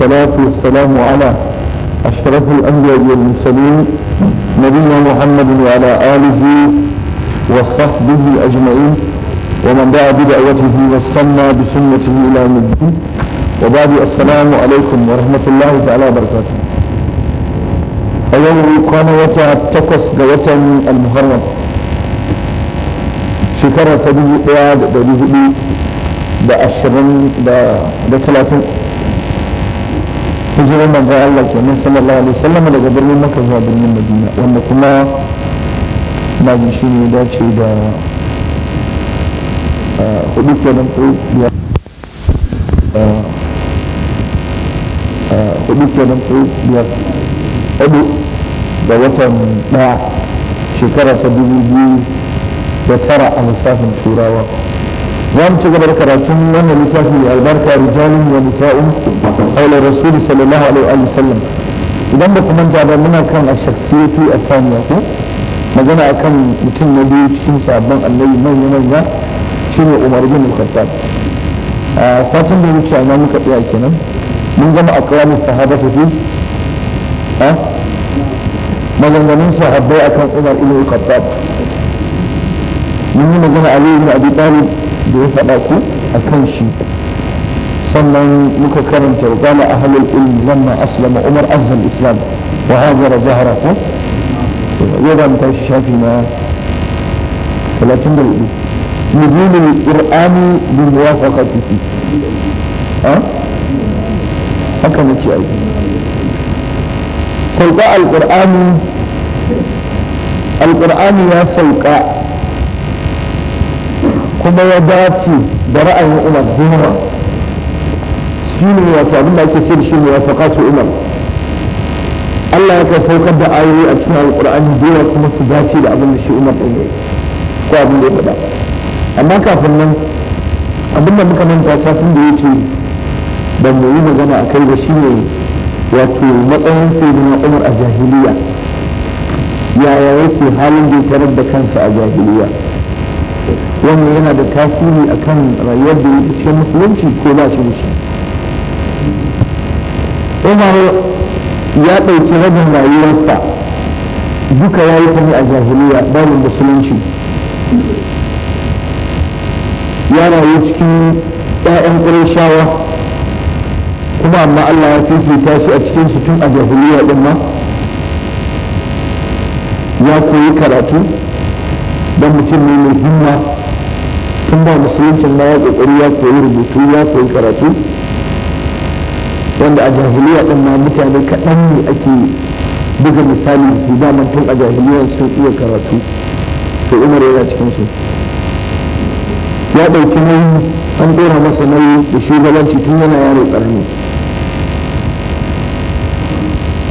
والصلاة والسلام على أشرف الأنبياء والمرسلين نبينا محمد وعلى آله وصحبه أجمعين ومن دعا بدعوته وصلنا بسنته إلى يوم الدين وبعد السلام عليكم ورحمة الله تعالى وبركاته اليوم كان تقص قوتني المحرم شكرا تبيه إعاد دليه da ashirin hijirar manzon Allah ke nan sallallahu alaihi salama daga birnin maka zuwa birnin Madina wanda kuma na shi ne dace da ah, ah, ah, hudu kenan ko biyar hudu kenan ko hudu da watan daya shekara ta dubu biyu da tara a lissafin turawa زام تقبل كراتون من لتاف البركة رجال ونساء قول الرسول صلى الله عليه وآله وسلم إذا بكم من جاب منا كان الشخصية الثانية مجانا أكن متن نبي تكين سابن الذي من يمنى شنو عمر بن الخطاب آه، ساتن da wuce ina muka tsaya من mun gama akramin sahaba fi ha maganganun sahabbai akan Umar ibn Khattab mun yi magana Ali ibn Abi Talib da ya faɗa ku a kan shi sannan muka karanta wa gana ahalul ilmi lamma aslama umar azzal islam wa hajara zahara ko yau da mu shafi na 34 nuzulul qur'ani bi muwafaqatihi ha haka muke aiki sauka alqur'ani alqur'ani ya sauka kuma ya dace da ra'ayin umar goma shi ne abin da ake ce da shi ne wafaqatu umar Allah yakan saukar da ayoyi a cikin alƙur'ani dole kuma su dace da abin da shi umar din ko abin da ya faɗa amma kafin nan abin da muka manta satin da yake ban mu yi magana akai ba shi ne wato matsayin sayyidina umar a jahiliya yaya yake halin da ya tarar da kansa a jahiliya wannan yana da tasiri a kan rayuwar da yake cikin musulunci ko ba shi mushi Umar ya ɗauki rabin rayuwarsa duka ya yi sani a jahiliya babu musulunci ya rayu cikin 'ya'yan shawa kuma amma Allah ya fifita shi a cikin su tun a jahiliya din ma ya koyi karatu don mutum ne mai himma tun ba musuluncin ba ya ya koyi rubutu ya koyi karatu wanda a jahiliya ɗin ma mutane kaɗan ne ake buga misali su ba a jahiliya sun iya karatu to umar yana cikin su ya ɗauki nauyi an ɗora masa nauyi da shugabanci tun yana yaro ƙarami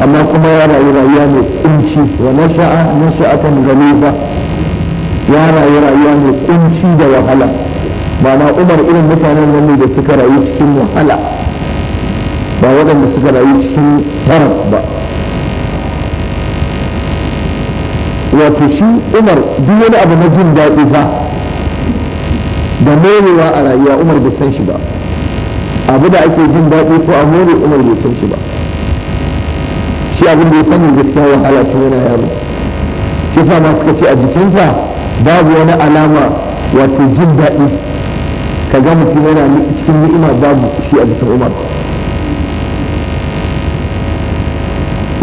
amma kuma ya rayu rayuwa mai kunci wa nasha'a nasha'atan ganifa ya rayu rayuwa mai kunci da wahala ba ma umar irin mutanen nan ne da suka rayu cikin wahala ba waɗanda suka rayu cikin taraf ba wato shi umar duk wani abu na jin daɗi ba da morewa a rayuwa umar bai san shi ba abu da ake jin daɗi ko a more umar bai san shi ba shi abin da ya sani gaskiya wahala tun yana yaro shi sa ma suka ce a jikinsa babu wani alama wato jin daɗi ka ga mutum yana cikin ni'ima babu shi a jikin umar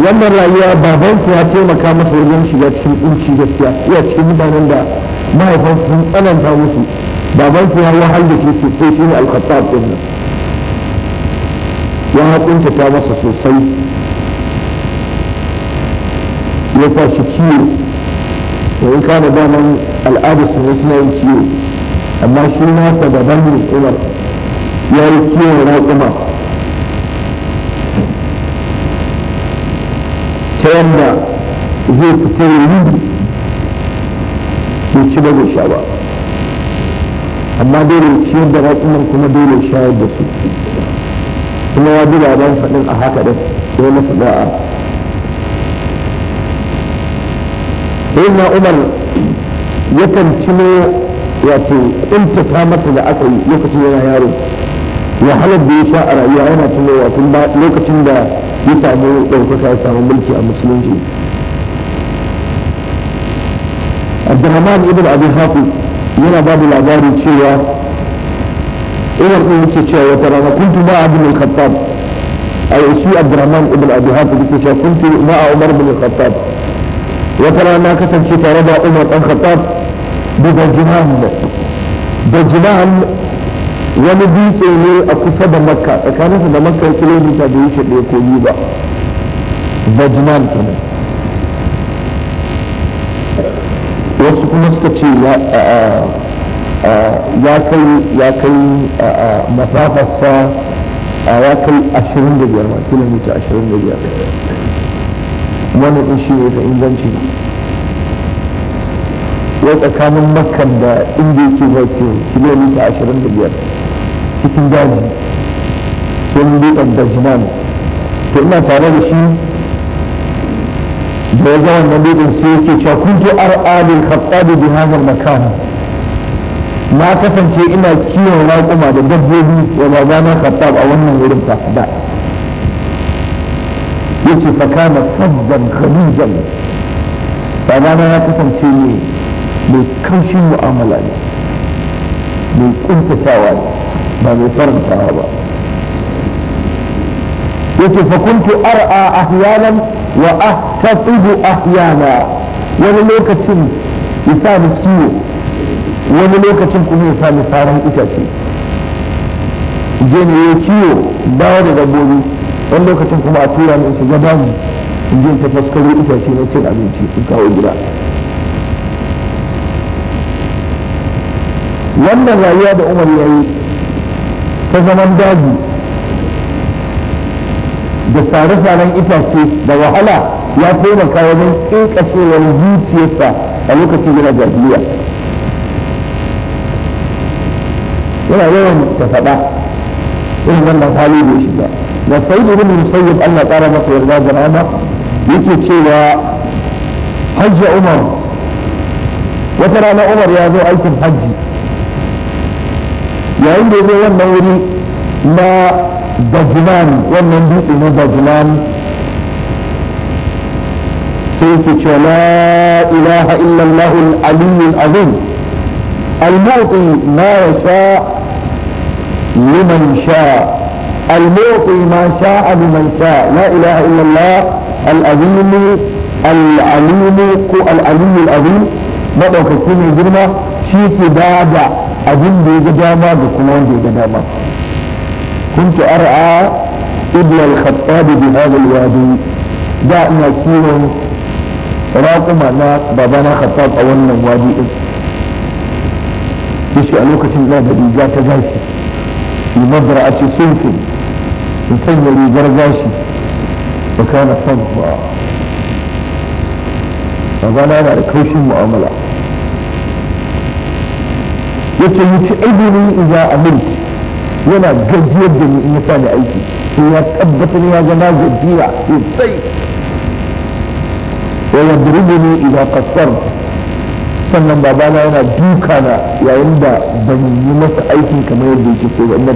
wannan rayuwa babansu ya taimaka masa wajen shiga cikin kunci gaskiya iya cikin mutanen da mahaifansu sun tsananta musu babansu ya wahal da shi sosai shi ne alkhattab din nan ya ta masa sosai ya sa shi kiwo. sai ka da daman al'adar su ne suna yin ciwo amma shi nasa daban ne kuma ya yi ciwon raƙuma ta yadda zai fita yi bai ci ba zai sha ba amma dole ciyar da raƙuman kuma dole shayar da su kuma ya ji labar faɗin a haka ɗin sai masa da'a سيدنا عمر يكن كنو واتو انت تامس ذا اكوي يكتن ينا يارو وحلب دي شاعر ايها انا تنو واتن با يكتن دا يتعبو دوكا كاسام ملكي المسلمين جي عبد الرحمن ابن ابي حافظ ينا باب العذاب تشيوا عمر ايه تشيوا انا كنت مع عبد الخطاب اي اسوي عبد الرحمن ابن ابي حافظ كنت مع عمر بن الخطاب wata rana kasance tare da umar ɗan khattab daga jinan da jinan wani dutse ne a kusa da makka tsakaninsa da makka kilomita da yake ɗaya ko yi ba da ta kenan wasu kuma suka ce ya kai masafarsa ya kai 25 kilomita 25 wani ishiru da inganci ya tsakanin makan da inda yake zuwa kiwo kilomita ashirin da biyar cikin daji sun dutsen da jinan to ina tare da shi da ya ga wannan dutsen sai yake cewa kuntu ar'adin khattabi bi hadha makan na kasance ina kiwon raƙuma da dabbobi wa babana khattab a wannan wurin fa da yace fa kana faddan khalijan babana ya kasance ne mai kaushin mu'amala ne mai kuntatawa ne ba mai farantawa ba yace fa kuntu ar'a ahyanan wa ahtatibu ahyana wani lokacin ya sa ni kiwo wani lokacin kuma ya sa ni saran itace je ne ya kiwo bawa da dabbobi wani lokacin kuma a tura ni shiga daji in je ta itace na cin abinci in kawo gida wannan rayuwa da umar ya yi ta zaman daji da sare-saren itace da wahala ya taimaka wajen ƙaƙashewar zuciyarsa a lokacin yana jahiliya yana yawan ta faɗa irin wannan hali da shiga da sai da ibn musayyib Allah ƙara masa yarda da rama yake cewa hajji umar wata rana umar ya zo aikin hajji yayin da ya zo wannan wuri na dajinan wannan dutse na dajinan sai yake cewa la ilaha illallah al-aliyyu azim al-mu'ti ma yasha liman sha. المعطي ما شاء بمن شاء لا إله إلا الله العظيم العليم العلي العظيم maɗaukaki mai girma shi ke ba da abin da ya ga dama كنت أرعى ابن الخطاب بهذا الوادي دائما إنا راكم أنا بابانا خطاب أولنا وادي يشي ألوكة الله بدي جاء تجاشي لمبرأة سلف يسوي rigar gashi وكان صدفا magana yana da kaushin mu'amala yace yuti ibni idza amint yana gajiyar da ni in yasa da aiki sai ya tabbatar ya ga na gajiya sosai wa yadribuni idza qassart sannan babana yana duka na yayin da ban yi masa aiki kamar yadda yake so ba in na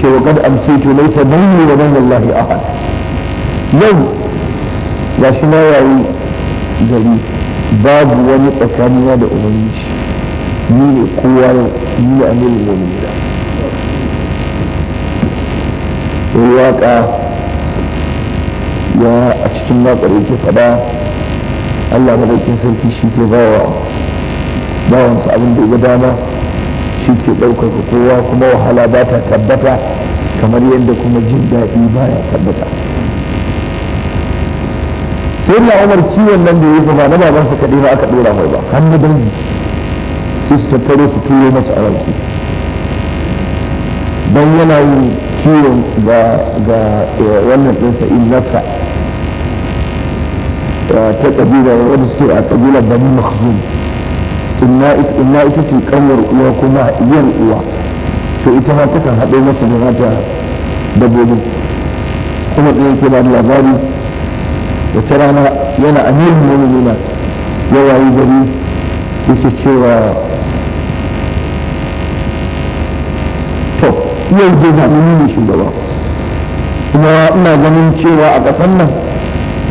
ce wa kad amsaytu laysa bayni wa bayna Allah ahad yau shi na yayi gari babu wani tsakanina da ubangiji ni ne kowa yau ni ne amirul mu'minin yayi waka ya a cikin waƙar yake faɗa Allah madaukin sarki shi ke bawa bawansa abin da ya dama shi ke ɗaukaka kowa kuma wahala ba ta tabbata kamar yadda kuma jin daɗi ba ya tabbata sai na umar ciwon nan da ya yi ba na babansa kaɗai ba aka ɗora mai ba har na dangi su tattaro su turo masa a don yana yin ciwon ga wannan ɗinsa nasa ta ƙabila wadda suke a ƙabila bani makhzum inna ita ce kanwar uwa kuma yan uwa to ita ma takan haɗe masa da nata kuma ɗaya ke ba da labari ta rana yana amirin yawa ya wayi gari yake cewa to yau zai zaɓi ne shugaba kuma ina ganin cewa a ƙasar nan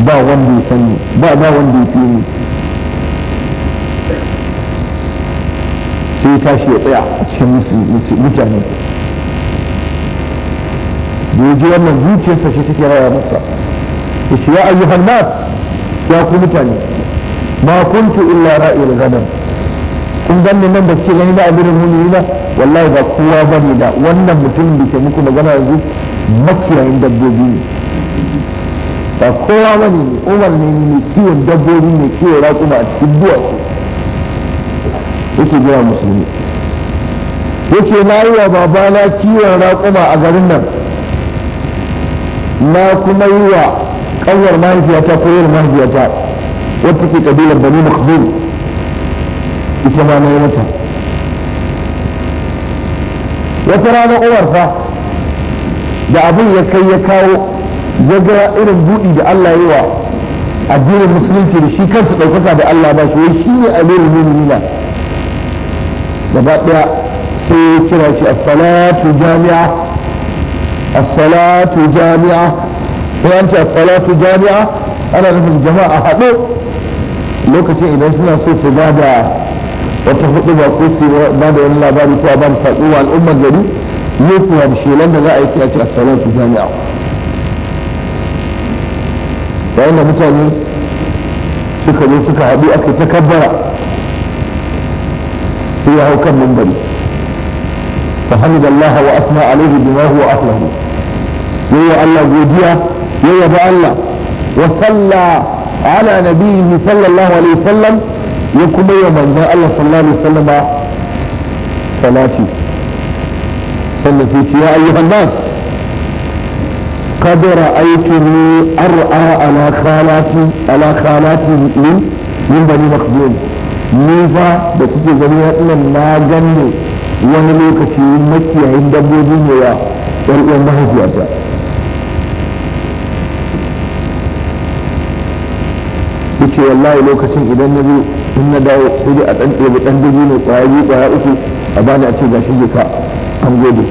ba wanda ya sani ba ba wanda ya fi ni sai tashi ya tsaya a cikin mutane da ya ji wannan zuciyarsa shi take raya masa ya ce ya ayyuhan nas ya ku mutane ma kuntu illa ra'il ghanam kun ganni nan da kike gani ba abirin yi ba wallahi ba kowa ne da wannan mutumin da ke muku magana yanzu makiyayin dabbobi ne ba kowa ba ne umar ne mai kiwon dabbobi ne kiwon raƙuma a cikin duwatsu yake gaya musulmi yake na yi wa babana kiwon raƙuma a garin nan na kuma yi wa ƙanwar mahaifiyata ko yin mahaifiyata wata ke ƙabilar bani makhzum ita ma na yi mata wata rana uwar fa da abin ya kai ya kawo ya ga irin buɗi da Allah yi wa addinin musulunci da shi kansa ɗaukaka da Allah ba shi wai shi ne amirin nuna. gaba ɗaya sai kira shi as-salatu jami'a as-salatu jami'a bayan ce as-salatu jami'a ana nufin jama'a haɗu lokacin idan suna so su ba da wata hudu ba ko su ba da wani labari ko ba da saƙo wa al'ummar gari ne kuma da shelan da za a yi sai a salatu jami'a da mutane suka zo suka haɗu aka ta kabbara فيها وكم من بني فحمد الله وأثنى عليه بما هو أهله يوى الله وديا يوى الله وصلى على نبيه صلى الله عليه وسلم يكم يوما ما الله صلى الله عليه وسلم صلاتي صلى سيتي يا أيها الناس قد رأيتني أرأى على خالاتي على خالاتي من من بني مخزون nufa da kuke gani waɗannan na ganne wani lokaci makiyayin dabbobi ne ya ɗan uwan mahaifiyata yace wallahi lokacin idan na zo in na dawo sai dai a ɗan ɗebi ɗan dubu ne ƙwaya biyu ƙwaya uku a bani a ce ga shi ka an gode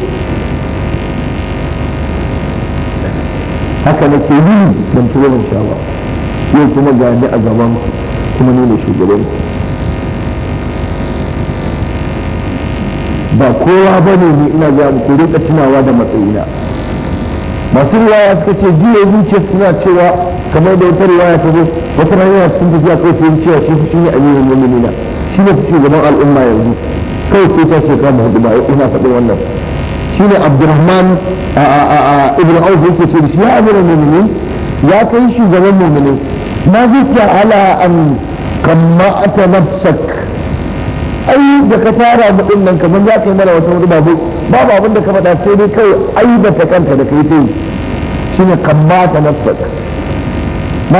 haka nake yi ban ci ban sha yau kuma ga ni a gaban kuma ni ne shugaban ba kowa ba ne ni ina ga muku rika tunawa da matsayina masu riwaya suka ce jiya zuciya suna cewa kamar da wata riwaya ta zo wasu rayuwa cikin tafiya kawai sai cewa shi shi ne amirin mu'minina shi ne shugaban al'umma yanzu kawai sai ta ce kama mu hudu ba ina faɗin wannan shi ne abdurrahman Ibrahim auf yake ce shi ya amirin mu'minin ya kai shugaban mu'minin ma zai ta ala an kamma'ata nafsak ai da ka tara mu din nan kamar za ka yi mana wata wani babu babu abin da ka faɗa sai dai kai ta kanka da kai tayi shine kammata ba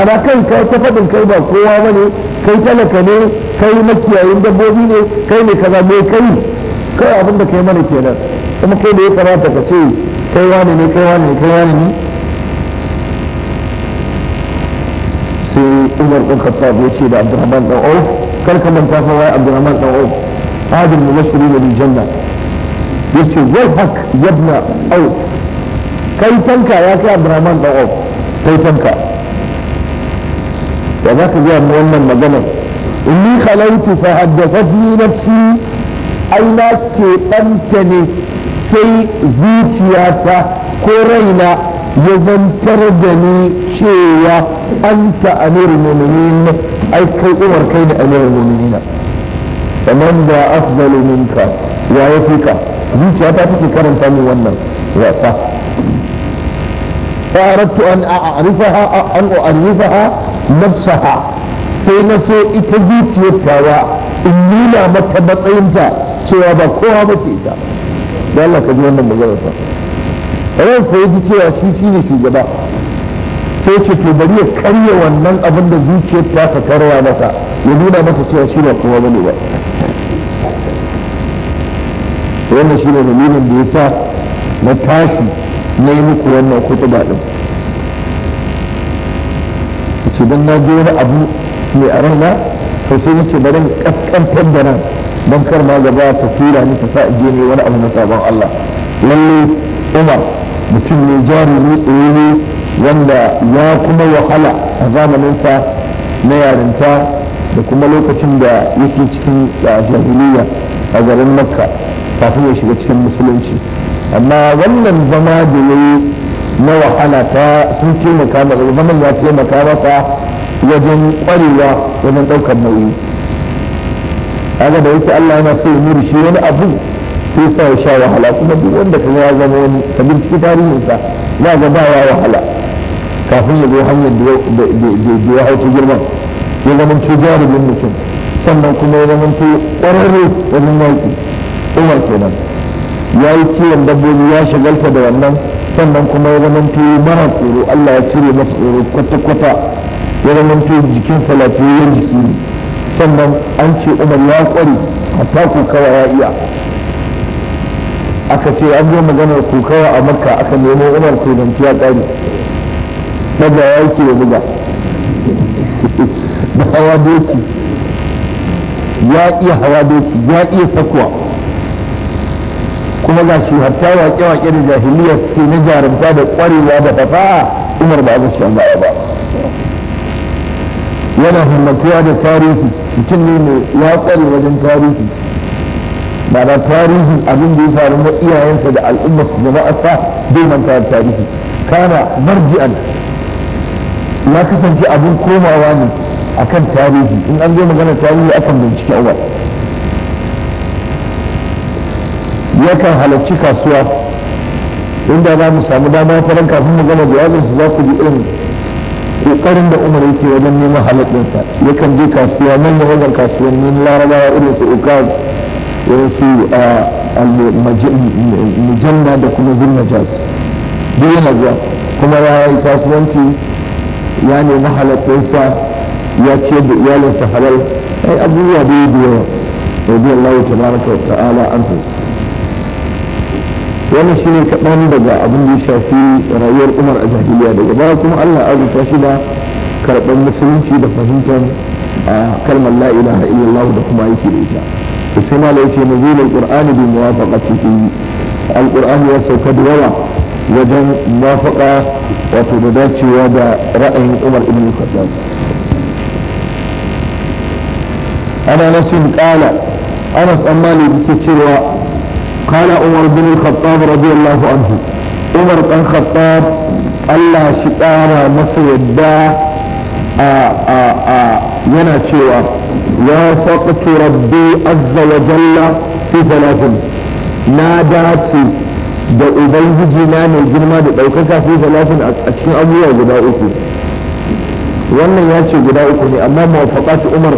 na kai kai ta faɗin kai ba kowa ba ne kai talaka ne kai makiyayin dabbobi ne kai ne kaza me kai kai abin da kai mana kenan kuma kai da ya kamata ka ce kai wani ne kai wani ne kai wani ne sai umar ɗin khattab ya ce da abdurrahman ɗan auf karka manta fa wai Abdurrahman dan Auf adil mubashiri bil janna yace wal hak yabna Auf kai tanka ya kai Abdurrahman dan Auf kai tanka da za ka gaya wannan maganar inni khalaitu fa haddathatni nafsi ai na ke ɗanta ne sai zuciyata ko raina ya zantar da ni cewa anta amirul mu'minin ai kai umar kai da amirul mu'minin faman da afdalu minka wa yafika zuciyata take karanta min wannan wasa فأردت أن أعرفها أن أعرفها نفسها سينسو إتزيت يتاوى إني لا متبطئنتا سوى بكوها بتيتا قال لك جوانا مجرد ran sai ji cewa shi shine shugaba sai ce to bari ya karya wannan abin da zuciyar ta sa masa ya nuna mata cewa shi ba kowa bane ba wannan shi ne dalilin da ya sa na tashi na yi muku wannan ba ɗin ce don na ji wani abu mai a raina to sai ce bari kaskantar da nan don kar ma gaba ta tura ni ta sa je ne wani abu na sabon Allah lallai Umar mutum ne jarumi tsoye wanda ya kuma wahala a zamaninsa na yarinta da kuma lokacin da yake cikin jahiliya a garin makka kafin ya shiga cikin musulunci amma wannan zama da ya yi na wahala ta sun taimaka masa zaman ya taimaka masa wajen kwarewa wajen ɗaukar nauyi aga da yake Allah yana so ya nuri wani abu sai sa ya sha wahala kuma duk wanda kuma ya zama wani ka binciki tarihinsa za ga ba ya wahala kafin ya zo hanyar da ya ta girman ya zama to jarumin mutum sannan kuma ya zama to ƙwararre wajen yaƙi umar kenan ya yi kiwon dabbobi ya shagalta da wannan sannan kuma ya zama to mara tsoro Allah ya cire masa tsoro kwata-kwata ya zama to jikinsa lafiyayyar jiki sannan an ce umar ya ƙware hatta kokawa ya iya aka ce an zo maganar kukawa a makka aka nemo umar turanci ya kare daga ya yake ya buga da hawa doki ya iya hawa doki ya iya sakuwa kuma ga shi hatta waƙe-waƙe da jahiliya suke na jarumta da ƙwarewa da fasaha umar ba a gashi an ba yana himmatuwa da tarihi mutum ne mai ya ƙware wajen tarihi ba da tarihi abin da ya faru na iyayensa da al'ummarsa jama'arsa bai manta da tarihi kana marji'an ya kasance abin komawa ne akan tarihi in an zo magana tarihi akan bincike awal yakan halarci kasuwa inda za mu samu dama faran kafin mu gama jawabinsa za ku ji irin kokarin da umar yake wajen neman halakinsa yakan je kasuwa manyan wajen kasuwannin larabawa irin su ukaz wasu mujanna da kuma zulmajaz duk yana zuwa kuma ya yi kasuwanci ya nemi halakkunsa ya ce da iyalinsa halal ai abubuwa da yi da Allah tabaraka wa ta'ala an wannan shi ne kaɗan daga abin da ya shafi rayuwar umar a jahiliya daga baya kuma allah azurta shi da karɓar musulunci da fahimtar kalmar a iya illallah da kuma aiki da ita sai malai ce nuzulul qur'ani bi muwafaqatihi alqur'ani ya sauka da yawa wajen muwafaqa wato da dacewa da ra'ayin Umar ibn Khattab ana nasin qala Anas an malik yake cewa قال عمر بن الخطاب رضي الله عنه عمر بن الخطاب الله شكارا مسيدا ينا cewa وافقت ربي عز وجل في ثلاث na dace da ubangiji na mai girma da ɗaukaka fi talatin a cikin abubuwa guda uku wannan ya ce guda uku ne amma mawafaqat umar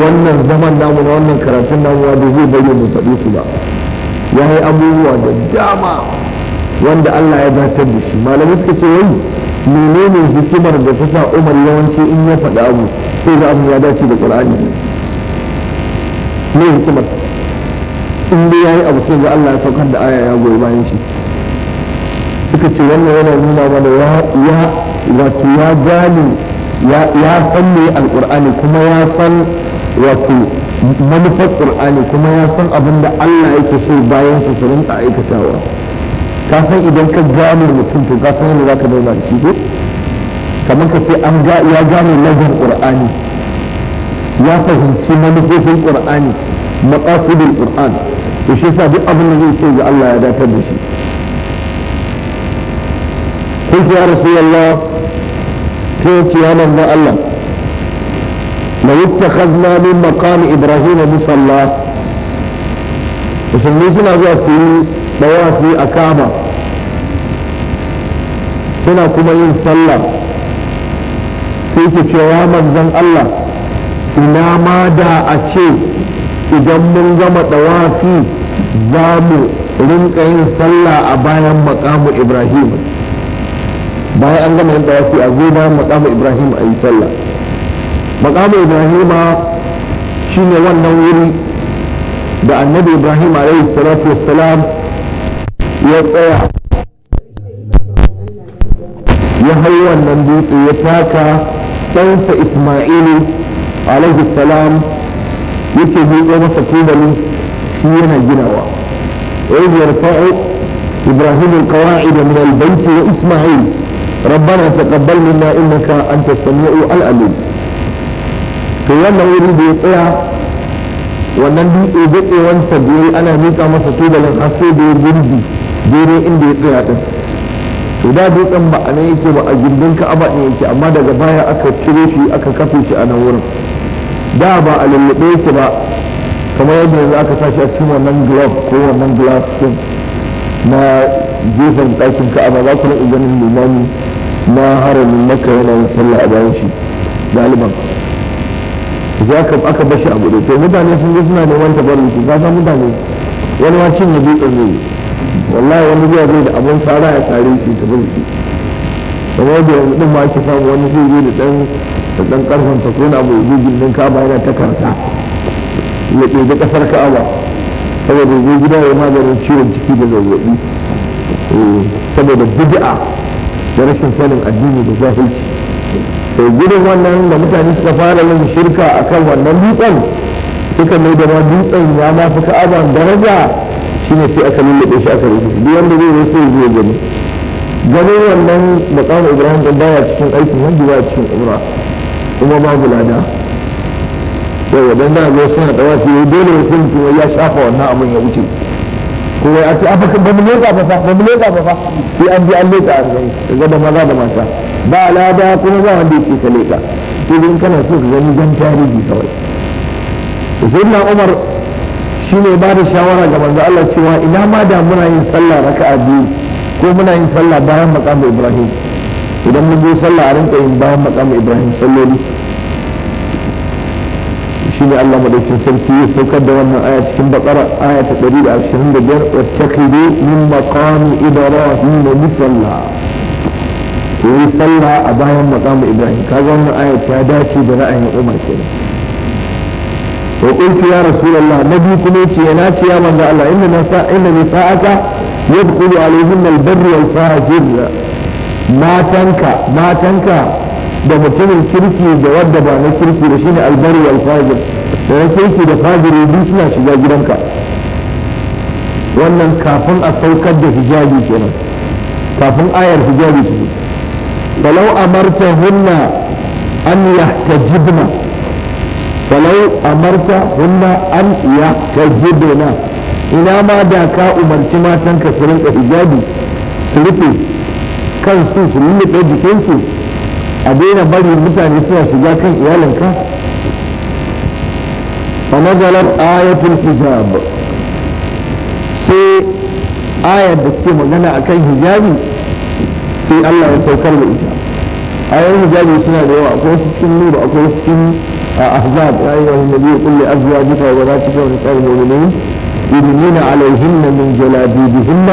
wannan zaman namu na wannan karatun namu da zai bari mu faɗi su ba ya yi abubuwa da dama wanda Allah ya datar da shi malamai suka ce wai menene hikimar da ta sa umar yawanci in ya faɗi abu sai ga abu ya dace da qur'ani ne hukumar in dai yayi abu sai ga Allah ya saukar da ayaya ya goyi bayan shi suka ce wannan yana nuna mana ya ya wato ya gane ya san me alqur'ani kuma ya san wato manufar qur'ani kuma ya san abin da Allah yake so bayan su a rinka aikatawa ka san idan ka gane mutum to ka san yadda zaka dauna da shi ko kamar ka ce an ga ya gane lagun ƙur'ani ya fahimci manufofin ƙur'ani maqasidul qur'an to shi yasa duk abin da zai ce ga Allah ya datar da shi kun ya rasulullah ta yace ya ba Allah la yattakhadna min maqami ibrahim musalla musulmi suna zuwa su yi a kama suna kuma yin sallah sai ke cewa manzan Allah ina ma da a ce idan mun gama ɗawafi za mu rinka yin sallah a bayan makamu ibrahim bayan an gama yin ɗawafi a zo bayan makamu ibrahim a yi sallah makamu ibrahim shine wannan wuri da annabi ibrahim alaihi salatu wassalam ya tsaya ya hau wannan dutse ya taka سنس إسماعيل عليه السلام يسيب يوم سكوبا سينا جنوا وإذ يرفع إبراهيم القواعد من البيت وإسماعيل ربنا تقبل منا إنك أنت السميع الأليم في يوم يريد يطيع ونبي إذن وانسى بي أنا ميتا مسطوبا لنحصي بي بندي إن بيقيعته دي da dutsen ba a nan yake ba a gindin ka'aba ne yake amma daga baya aka cire shi aka kafe shi a nan wurin da ba a lullube yake ba kamar yadda yanzu aka sashi a cikin wannan glove ko wannan glass din na gefen ɗakin ka'aba za ku na ganin limami na haramin maka yana yin sallah a bayan shi galiban za ka aka bashi a bude to mutane sun je suna neman tabarruki ka san mutane wani ma cinye dutsen wallahi wani zuwa zai da abin sara ya tsare shi ta bulki kuma da yanzu din ma ake samu wani zai je da dan da karfin ta ko na abu din ka yana ta karta ya kasar ƙasar ba saboda zai gida ya maganin ciwon ciki da zazzaɓi eh, saboda bid'a da rashin sanin addini da zahilci to gudun wannan da mutane suka fara yin shirka akan wannan dutsen suka mai da ma dutsen ya fi ka'aban daraja ne sai aka lullube shi aka rufe duk wanda zai zo sai zai gani ganin wannan kama ibrahim dan baya cikin aikin nan ba cikin umra kuma babu lada yau dan da zo suna tawafi dole ya sai mutum ya shafa wannan abin ya wuce kuma a ce a baka ba mu leka ba fa ba mu leka ba fa sai an bi an leka an gani daga da maza da mata ba lada kuma ba wanda ya ce ka leka to in kana so ka gani dan tarihi kawai sai na umar shine ba da shawara ga manzo Allah cewa ina ma da muna yin sallah raka'a biyu ko muna yin sallah bayan maqam Ibrahim idan mun yi sallah a rinka yin bayan maqam Ibrahim salloli shi ne Allah madaukin sarki ya saukar da wannan aya cikin bakara aya ta 125 wattaqidu min maqam Ibrahim musalla ko yi sallah a bayan maqam Ibrahim kaga wannan aya ta dace da ra'ayin Umar kenan wa ya rasu nabi kuma yace yana ce ya manzo Allah inna nasa inna nisa'aka yadkhulu alaihim al-barr wal fajir matanka da mutumin kirki da wadda ba na kirki da shine al wal fajir da na kirki da fajiri duk suna shiga gidanka wannan kafin a saukar da hijabi kenan kafin ayar hijabi a marta hunna an yahtajibna walau amarta hunna an yahtajibna ina ma da ka umarci matan ka su rinka hijabi su rufe kansu su lullube jikinsu a daina bari mutane suna shiga kan iyalinka فنزلت آية الحجاب sai ayar da suke magana a kan hijabi sai Allah ya saukar da ita ayoyin hijabi suna da yawa akwai cikin nuru akwai cikin أحزاب يا أيها النبي قل لأزواجك وبناتك ونساء المؤمنين يدنين عليهن من جلابيبهن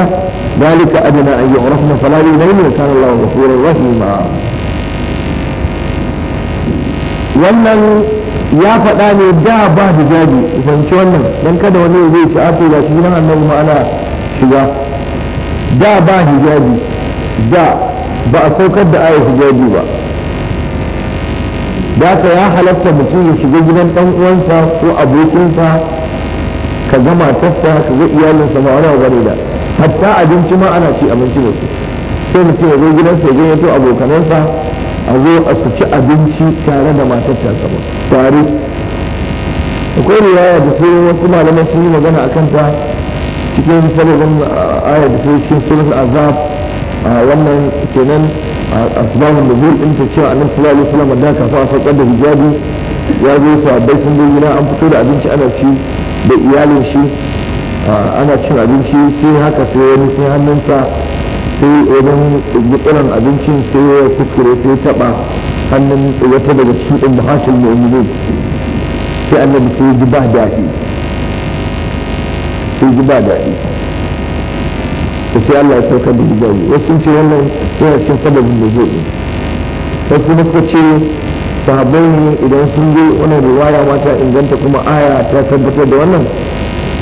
ذلك أدنى أن يعرفن فلا يؤذين وكان الله غفورا رحيما wannan ya faɗa ne da ba da jaji fahimci wannan don kada wani zai ci ato ga shi nan annabi ma ana shiga da ba hijabi da ba a saukar da ayar hijabi ba da ka ya halatta mutum ya shiga gidan dan uwansa ko abokinsa ka ga matarsa ka ga iyalinsa ma wani gare da hatta abinci ma ana ci abinci da su sai mutum ya zo gidansa ya gani to abokanansa a zo a su ci abinci tare da matarsa sama tare akwai riwaya da sai wasu malaman sun yi magana a kanta cikin sababin ayar da sai cikin sunan azab a wannan kenan asbabun nuzul din ta cewa annabi sallallahu alaihi wasallam da kafa a saukar da hijabi ya zo bai sun zo gida an fito da abinci ana ci da iyalin shi ana cin abinci sai haka sai wani sai hannunsa sai wajen tsibirin abincin sai ya kuskure sai ya taba hannun wata daga cikin ɗin da mu'minin sai annabi sai ji sai ji ba daɗi to sai Allah ya sauka da hijabi wasu sun ce wannan yana cikin sababin da zai wasu kuma suka ce sahabbai ne idan sun je wannan riwaya mata inganta kuma aya ta tabbatar da wannan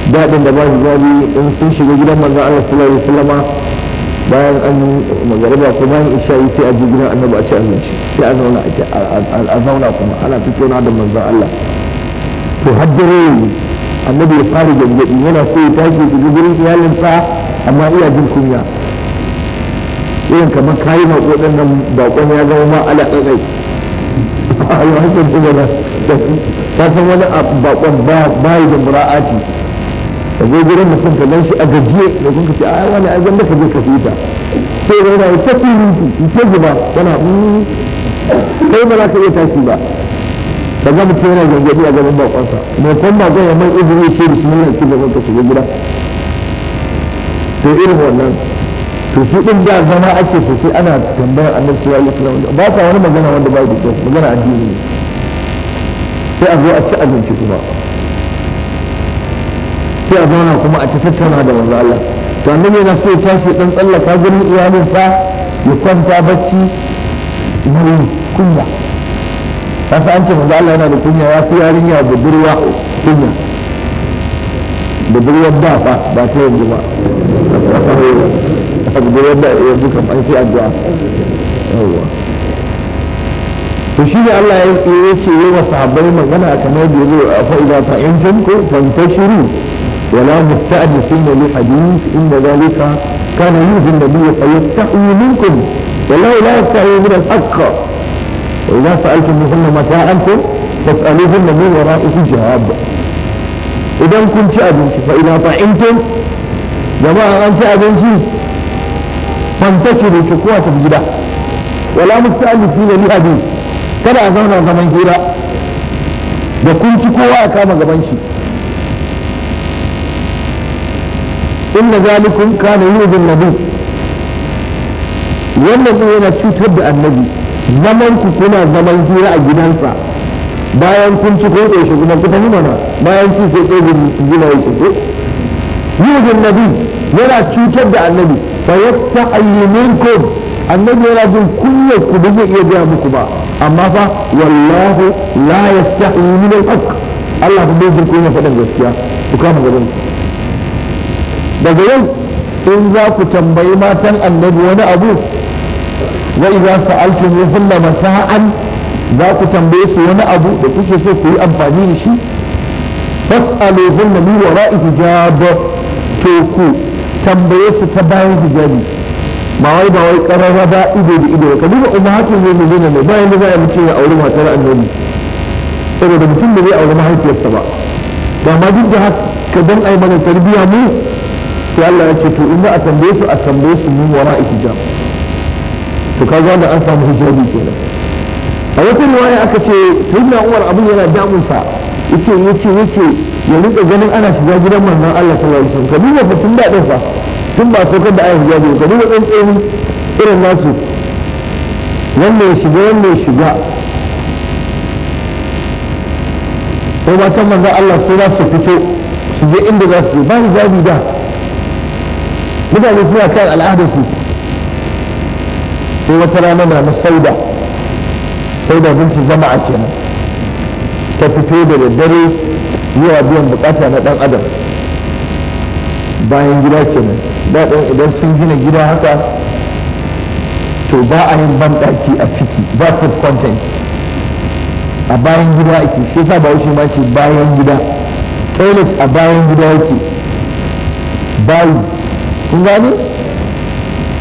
daɗin da ba hijabi in sun shiga gidan manzo Allah sallallahu alaihi wasallama bayan an magariba ko bayan isha'i sai a je gidan annabi a ci abinci sai a zauna a zauna kuma ana tattauna da manzo Allah to haddare annabi ya fara gangaɗi yana so ya tashi su gurin iyalinsa amma iya jin kunya irin kamar kayi ma ɗin nan bakon ya zama ma alaƙaƙai alhakin ɗin da ta san wani bakon ba yi da mura'ati ka zo gurin mutum ka gan shi a gajiye da kun ka ce a wani a zan da ka je ka fita sai da yana ta filinki ta zuba tana hmm. kai ba za ka iya tashi ba ka ga mutum yana zazzabi a gaban bakonsa mai kwan bakon ya mai izini ce da shi yana ci gaban ka shiga gida to irin wannan to din da zama ake sosai ana tambayar annabi sallallahu alaihi wasallam ba ta wani magana wanda ba da kyau magana addini ne sai a zo a ci abinci kuma sai a zauna kuma a ta tattauna da manzo Allah to annabi yana so tashi dan tsallaka gurin iyalinsa ya kwanta bacci mai kunya kasa an ce manzo Allah yana da kunya ya fi yarinya budurwa kunya budurwar da fa ba ta yanzu ba a budurwar da yanzu eh, kan an sai addu'a yawwa to shi ne Allah ya yi ce yi wa sahabbai magana kamar da yazo a fa'ida fa in tunku fantashiru wala musta'difin li hadith inda zalika kana yuhi an-nabiy fa yastahi minkum والله لا يستحي من الحق وإذا سألتم منهن متاعا فاسألوهن من idan kun ci abinci fa in tun jama'a an ci abinci ci ki kowa ta gida wala musta'alisina ne hadi kada a zauna zaman gida da kun ci kowa a kama gaban shi inna zalikum kana yuzin nabi wannan ne yana cutar da annabi zaman ku kuna zaman hira a gidansa bayan kun ci kun ƙoshi kuma ku tafi mana bayan ci sai ɗaya gina ya ciko yuzin nabi yana cutar da annabi fa yasta'ayyu minkum annabi yana jin kunyar ku ba zai iya gaya muku ba amma fa wallahu la yasta'ayyu min al Allah ba bai jin kunyar faɗin gaskiya ku kama gaban daga yau in za ku tambayi matan annabi wani abu wa idza sa'altum hunna mata'an za ku tambaye su wani abu da kuke so ku yi amfani da shi hunna min wara'i hijab to ku tambaye su ta bayan hijabi ba wai ba wai karara ba ido da ido ka duba ummatul mu'minin ne bayan da za a mutum ya auri matar annabi saboda mutum da zai auri mahaifiyarsa ba da ma duk da haka dan ai mana tarbiyya mu sai Allah ya ce to in a tambaye su a tambaye su min wara'i hijab to kaga da an samu hijabi kenan a wata riwaya aka ce sayyidina umar abin yana damunsa yace yace yace ya rinka ganin ana shiga gidan manzon Allah sallallahu alaihi wasallam ka tun da fa tun ba saukar da ayan hijabi ka duba dan tsohon irin nasu wanda ya shiga wanda ya shiga ko matan manzon Allah su za su fito su je inda za su je ba hijabi da mutane suna kan al'adarsu sai wata rana na sauda sai da zama a kenan ta fito da daddare yawa biyan bukata na dan adam bayan gida kenan daɗin idan sun gina gida haka to ba a yin banɗaki a ciki ba food content a bayan gida ake shi yasa ba wuce ma ce bayan gida toilet a bayan gida yake bayu kun gane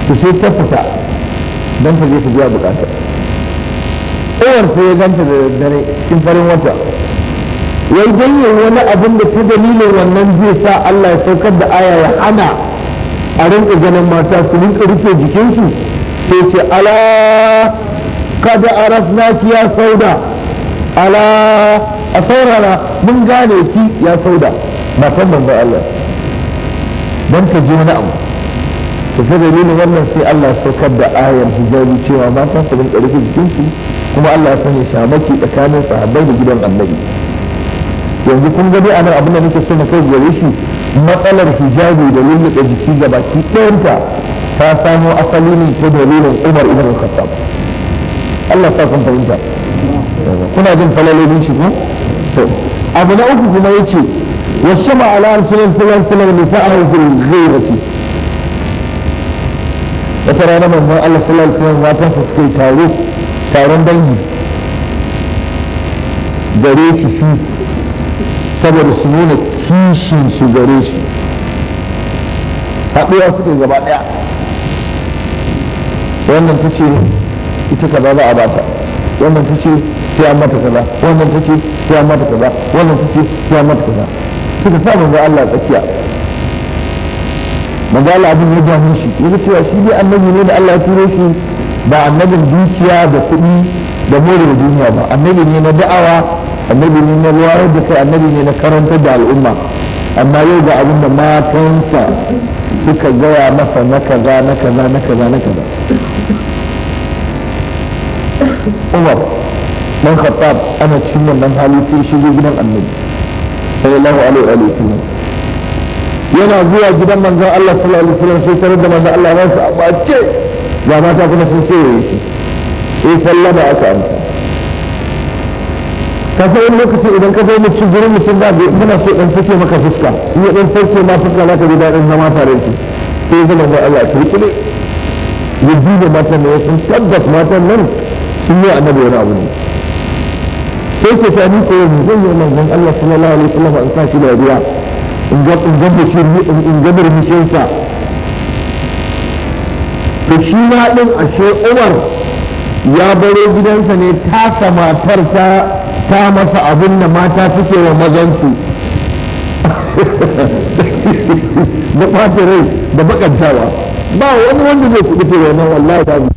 to sai ta fita don ta je ta biya bukatar kanwar sai ya ganta da daddare cikin farin wata wai dan wani abin da ta dalilin wannan zai sa Allah ya saukar da aya ya hana a rinka ganin mata su rinka rufe jikinsu sai ce ala kada arafna ki ya sauda ala a saurara mun gane ki ya sauda matan manzon Allah dan ta ji wani abu ta sai dalilin wannan sai Allah saukar da ayar hijabi cewa mata su rinka rufe jikinsu kuma Allah ya sani shamaki tsakanin sahabbai da gidan annabi yanzu kun gani a nan abin da nake so na kai gare shi matsalar hijabi da lulluɓe jiki ga baki ɗayanta ta samo asali ne ta dalilin Umar ibn Khattab Allah sa kun fahimta kuna jin falalolin shi ko to abu na uku kuma yace washama ala al-sunan sallallahu alaihi wasallam nisa'ahu fil ghayrati wata rana manzon Allah sallallahu alaihi wasallam matansa suka yi taro taron dangi gare shi shi saboda su nuna kishin su gare shi haɗuwa suke gaba ɗaya wannan ta ce ita kaza za a bata wannan ta ce sai an mata kaza wannan ta ce sai an mata kaza wannan ta ce sai an mata kaza suka sa manzo Allah tsakiya manzo Allah abin ya jami shi yaga cewa shi dai annabi ne da Allah ya turo shi ba annabin dukiya da kuɗi da more duniya ba annabi ne na da'awa annabi ne na ruwayar da kai annabi ne na karantar da al'umma amma yau ga abin da matansa suka gaya masa na kaza na kaza na kaza na kaza umar dan khattab ana cikin wannan hali sai shigo gidan annabi sallallahu alaihi wa sallam yana zuwa gidan manzon Allah sallallahu alaihi wa sallam sai tare da manzon Allah ransa a bace ga mata kuma sun ce shi in eh, falla ba aka amsa ka sai wani lokaci idan ka zai mutum gurin mutum da muna so dan fito maka fuska in ya dan sauke ma fuska za ka ji daɗin zama tare shi sai zama da Allah rikile ya duba matan ne sun tabbas matan nan sun yi annabi wani abu ne sai ke sami ko yanzu zai yi manzon Allah sallallahu alaihi wasallam an sa shi da in ga in ga shi in ga to shi ma ɗin ashe umar ya baro gidansa ne ta samatar ta ta masa abin da mata suke wa mazansu da ɓata rai da bakantawa ba wani wanda zai kuɗi ta wannan wallahi